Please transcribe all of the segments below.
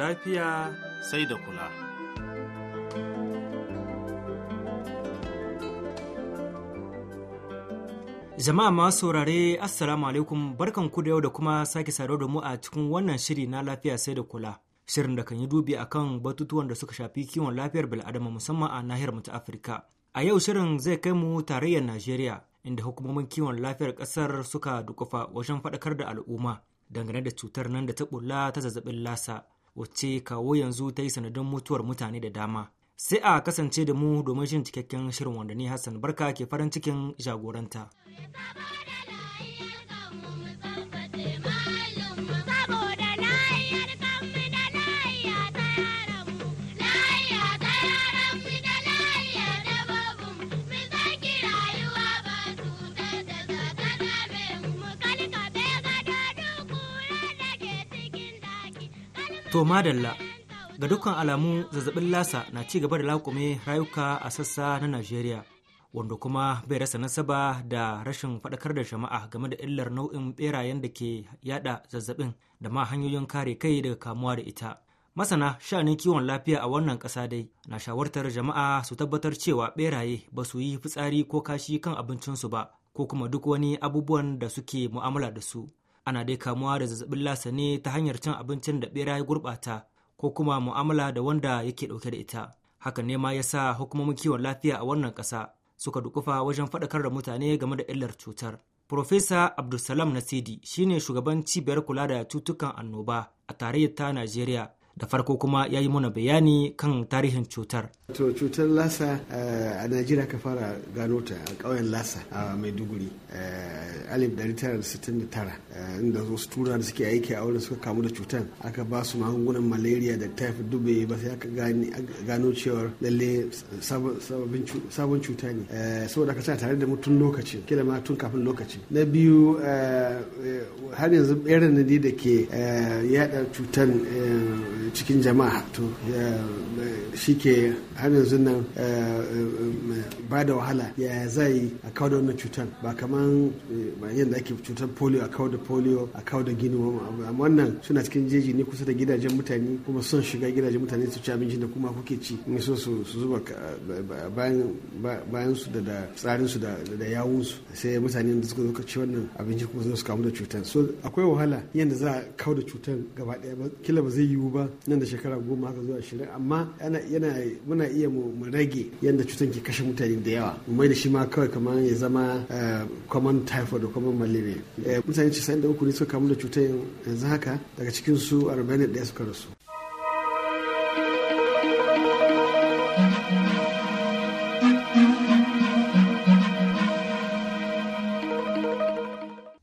lafiya sai da kula. Jama'a masu saurare Assalamu alaikum barkan ku da yau da kuma sake saro da mu a cikin wannan shiri na lafiya sai da kula. Shirin da kan yi dubi a kan batutuwan da suka shafi kiwon lafiyar bil'adama musamman a nahiyar mu ta Afirka. A yau shirin zai kai mu tarayyar Najeriya inda hukumomin kiwon lafiyar ƙasar suka dukufa wajen faɗakar da al'umma dangane da cutar nan da ta ɓulla ta zazzabin lasa wacce kawo yanzu ta yi sanadin mutuwar mutane da dama sai a kasance da mu domin shirin cikakken shirin wanda ni hassan barka ke farin cikin jagoranta To madalla ga dukkan alamu zazzabin lasa na ci gaba da laƙume rayuka a sassa na Najeriya. Wanda kuma bai rasa nasaba da rashin faɗakar da jama'a game da illar nau'in ɓerayen da ke yada zazzabin da ma hanyoyin kare kai daga kamuwa da ita. Masana sha'anin kiwon lafiya a wannan ƙasa dai na shawartar jama'a su tabbatar cewa ɓeraye ba su yi fitsari ko kashi kan abincinsu ba ko kuma duk wani abubuwan da suke mu'amala da su. ana dai kamuwa da zazzabin lasa ne ta hanyar cin abincin da bera ya gurɓata ko kuma mu'amala da wanda yake ɗauke da ita haka ne ma ya sa hukumomin kiwon lafiya a wannan ƙasa suka dukufa wajen faɗakar da mutane game da illar cutar Profesa Abdulsalam Nasidi shine shugaban cibiyar kula da cutukan annoba a tarayyar ta Najeriya da farko kuma ya yi mana bayani kan tarihin cutar. To cutar lasa eh, a Najeriya ka fara gano ta a ƙauyen lasa a Maiduguri eh, alif 1969 eh, inda wasu tura da suke aiki a wurin suka kamu da cutar aka ba su magungunan malaria da typhoid dube ba sai aka gano cewar lalle sabon cuta ne saboda aka sa tare da mutum lokaci kila ma tun kafin lokaci na biyu har yanzu irin da ke yada cutar cikin jama'a to shi ke har yanzu nan ba da wahala ya zai a kawo da wannan cutar ba kaman yadda ake cutar polio a kawo da polio a kawo da gini amma wannan suna cikin jeji ne kusa da gidajen mutane kuma son shiga gidajen mutane su ci abinci da kuma kuke ci in so su zuba bayan su da tsarin su da yawun su sai mutane da suka zo ci wannan abinci kuma su kamu da cutar so akwai wahala yadda za a kawo da cutar gaba daya ba kila ba zai yiwu ba nan da shekara goma haka zuwa shirin amma yana muna iya mu rage yadda cutar ke kashe mutane da yawa mu mai da shi ma kawai kamar ya zama eh, common typhoid kaman common malaria eh, mutane 93 ne suka kamu da cutar yanzu haka daga cikin su 41 suka rasu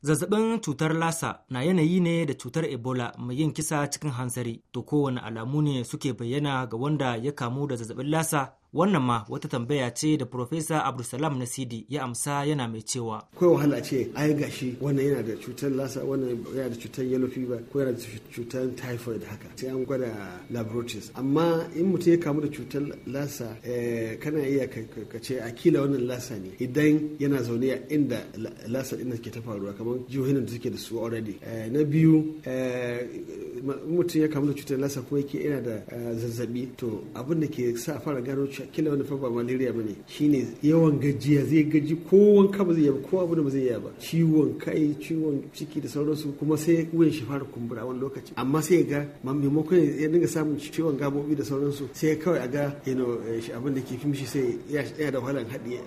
Zazzabin cutar lasa na yanayi ne da cutar Ebola mai yin kisa cikin hansari, to kowane alamu ne suke bayyana ga wanda ya kamu da zazzabin lasa wannan ma wata tambaya ce da profesa abdulsalam sidi ya amsa yana mai cewa akwai wahala ce ai gashi wannan yana da cutar lasa wannan yana da cutar yellow fever ko yana da cutar typhoid haka sai an gwada laboratories amma in mutum ya kamu da cutar lasa eh, kana iya ka ce akila wannan lasa ne idan yana zaune a inda lasa din ke ta faruwa kamar jihohin da suke da su already eh, na biyu eh, mutum ya kamu da cutar lasa ko yake yana da zazzabi to abin da ke sa fara gano kila wani fa ba malaria bane shine yawan gajiya zai gaji ko wanka ba zai yi ko abu da ba zai yi ba ciwon kai ciwon ciki da sauransu kuma sai wuyan shi fara kumbura wani lokaci amma sai ga maimakon ya dinga samun ciwon gabobi da sauransu sai kawai a ga eh, shi abin da ke fi mishi sai ya da wahalan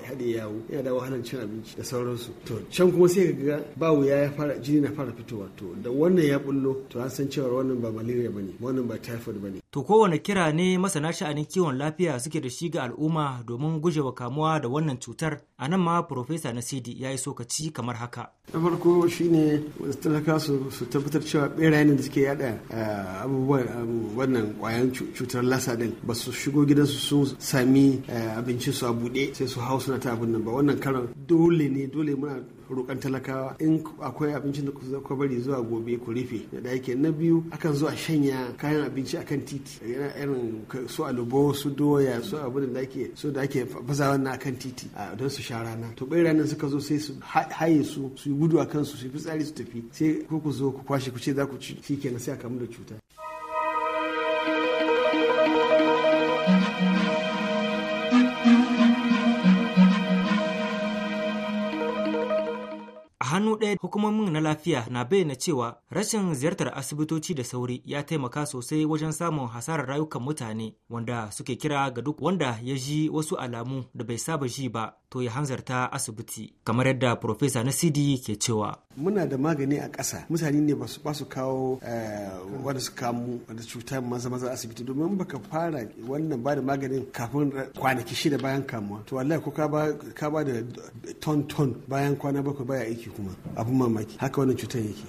haɗe yawo ya da wahalan cin abinci da sauransu to can kuma sai ka ga ba wuya ya fara jini na fara fitowa to da wannan ya bullo to an san cewa wannan ba malaria bane wannan ba typhoid bane To kowane kira ne masana sha'anin kiwon lafiya suke da shi ga al'umma domin gujewa kamuwa da wannan cutar a nan ma Profesa sidi ya yi sokaci kamar haka. Na farko shine talaka su su tabbatar cewa ɓerayen da suke yada eh, abubuwan um, wannan kwayan cutar lasa din ba su shigo gidansu su sami eh, abincin su a buɗe sai su hau suna ta abin nan ba wannan karan dole ne dole muna roƙon talakawa in akwai abincin da ku bari zuwa gobe ku rufe da yake na biyu akan zuwa shanya kayan abinci akan titi yana irin su alubo su doya su abin da ake so da ake bazawa na kan titi don su sha rana to bai ranar suka zo sai su haye su su yi gudu a kansu su yi fitsari su tafi sai ko ku zo ku kwashe ku ce za ku ci na sai a kamu da cuta a hannu ɗaya hukumomin na lafiya na bayyana cewa rashin ziyartar asibitoci da sauri ya taimaka sosai wajen samun hasarar rayukan mutane wanda suke kira ga duk wanda ya ji wasu alamu da bai saba ji ba to ya hanzarta asibiti kamar yadda profesa na cd ke cewa muna da magani a ƙasa mutane ne ba su kawo eh, wanda su kamu wanda cuta maza maza asibiti domin baka fara wannan ba da maganin kafin kwanaki shida bayan kamuwa to wallahi ko ka ba da ton ton bayan kwana bakwai baya aiki kuma abin mamaki haka wannan cutar yake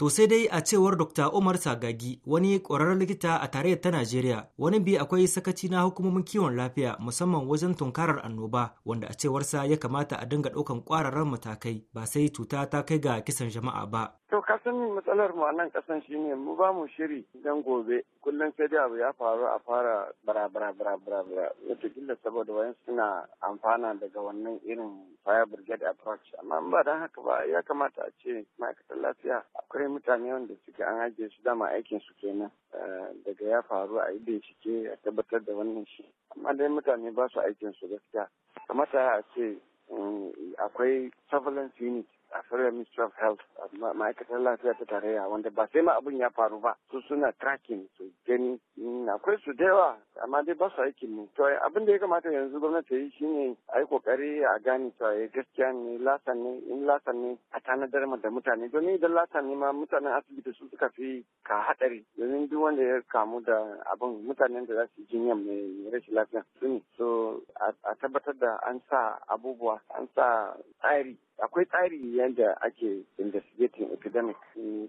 To sai dai a cewar Dr. Umar Sagagi wani ƙwararren likita a tarayyar ta Najeriya wani bi akwai sakaci na hukumomin kiwon lafiya musamman wajen tunkarar annoba wanda a cewarsa ya kamata a dinga ɗaukan ƙwararren matakai ba sai cuta ta kai ga kisan jama'a ba. To kasan matsalar mu a nan kasan shine mu ba mu shiri dan gobe kullum sai dai abu ya faru a fara bara bara bara bara bara wataƙila saboda wayan suna amfana daga wannan irin fire brigade approach amma ba dan haka ba ya kamata a ce ma'aikatan lafiya akwai mutane wanda suke an ajiye su dama aikin su kenan eh, daga ya faru a yi bincike a tabbatar da wannan shi amma dai mutane ba su aikin su gaskiya kamata a ce mm, akwai surveillance unit a federal ministry of health ma'aikatar lafiya ta tarayya wanda ba sai ma abin ya faru ba su suna tracking su gani mm, akwai su da yawa amma dai ba su aikin ne to abin da ya kamata yanzu gwamnati yi shine a yi kokari a gane a ya eh, gaskiya ne lasan ne in lasan ne a tanadar da mutane domin idan lasan ne ma mutanen asibiti su suka fi ka hadari domin duk wanda ya kamu da abin mutanen da za su jinyar mai rashin lafiya su ne so a tabbatar da an sa abubuwa an sa tsari akwai tsari yadda ake investigating epidemic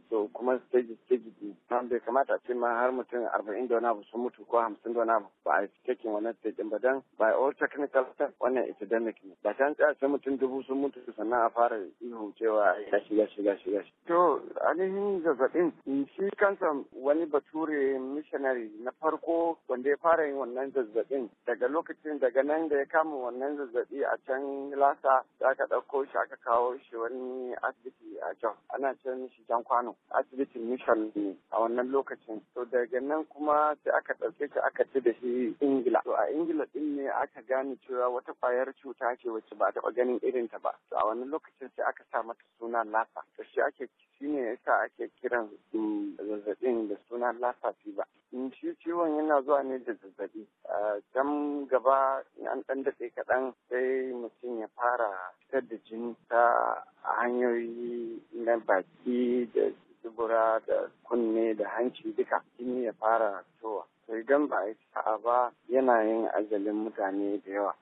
so kuma stage stage um, bai kamata ce ma har mutum arba'in da wani abu sun mutu ko hamsin da wani abu ba a cikin wannan stage ba dan by all technical steps wannan epidemic ne ba ta tsaya sai mutum dubu sun mutu sannan a fara ihu cewa ya shiga shiga shiga to ainihin zazzabin shi kansa wani bature missionary na farko wanda ya fara yin wannan zazzabin daga lokacin daga nan da ya kama wannan zazzabi a can lasa ka ɗauko shi aka kawo shi wani asibiti a Jos ana can shi Jan Kwano asibitin Mission ne a wannan lokacin to daga nan kuma sai aka ɗauke shi aka ci da shi Ingila to a Ingila din ne aka gane cewa wata kwayar cuta ce wacce ba taɓa ganin irin ta ba to a wannan lokacin sai aka sa mata suna lasa to shi ake shi ne yasa ake kiran mm, zazzabin da suna lasa ba. Mm, shi ciwon yana zuwa ne da zazzabi can gaba an ɗan daɗe kaɗan sai mutum ya fara fitar da jini ta hanyoyi na baki da dubura da kunne da hanci duka jini ya fara fitowa to idan ba a yi ba yana yin ajalin mutane da yawa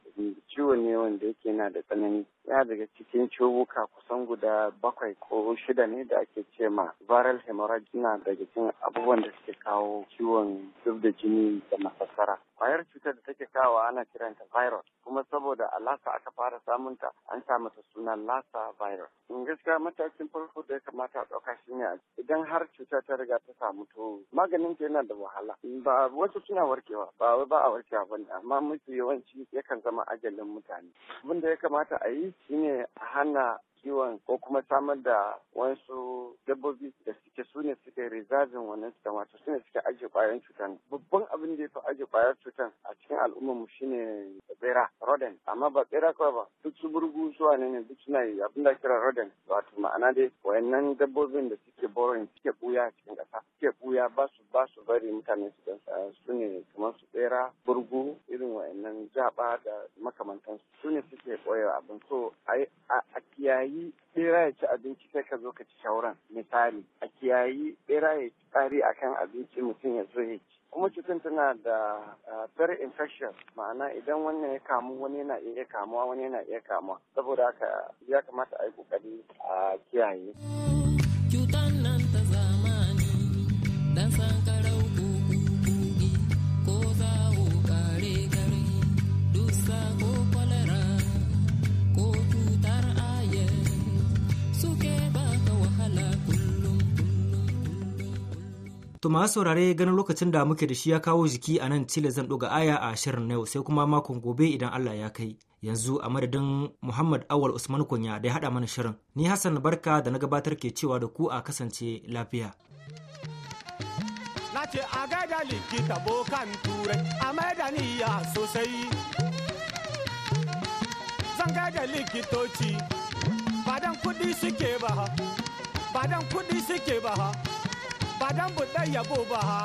ciwo ne wanda yake yana da tsanani ya daga cikin ciwuka kusan guda bakwai ko shida ne da ake ce ma viral hemorrhage na daga cikin abubuwan da suke kawo ciwon zub da jini da masassara kwayar cutar da take kawo ana kiranta virus kuma saboda a lasa aka fara samunta an sa mata suna lasa virus in gaskiya matakin farko da ya kamata a ɗauka shine idan har cuta ta riga ta samu to maganin ta yana da wahala ba wasu suna warkewa ba ba a warkewa bane amma mafi yawanci yakan zama ajalin mutane abin da ya kamata a yi shine a hana kiwon ko kuma samar da wasu dabbobi da suke su ne suke rizazin wannan cutar wato su ne suke ajiye ƙwayoyin cutan babban abin da ya fi ajiye kwayar cutan a cikin al'umma mu shine bera rodent amma ba bera kawai ba duk su burgu su wane ne duk suna yi abin da kira rodent wato ma'ana dai wayannan dabbobin da suke borin suke buya a cikin kasa. suke buya ba su ba su bari mutane su dan su ne kamar su bera burgu irin wayannan jaba da makamantansu su ne suke koyar abin so a kiyaye kiyayi bera ya ci abinci sai ka zo ka ci shauran misali a kiyayi bera ya ci tsari akan abinci mutum ya zo ya ci kuma cutar tana da very infection ma'ana idan wannan ya kamu wani yana iya kamuwa wani yana iya kamuwa saboda haka ya kamata a yi kokari a kiyaye. To masu saurare ganin lokacin da muke da shi ya kawo jiki a nan cile zan ɗoga aya a shirin na yau sai kuma makon gobe idan Allah ya kai. Yanzu a madadin Muhammad Awal Usman Kunya da ya haɗa mana shirin. Ni Hassan Barka da na gabatar ke cewa da ku a kasance lafiya. Na ce a gaida likita bokan turai a sosai. Zan gaida likitoci, fadan kuɗi suke ba. ba dan kudi suke ba ha ba dan budan yabo ba ha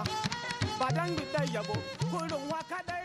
ba dan budan yabo kurin waka dai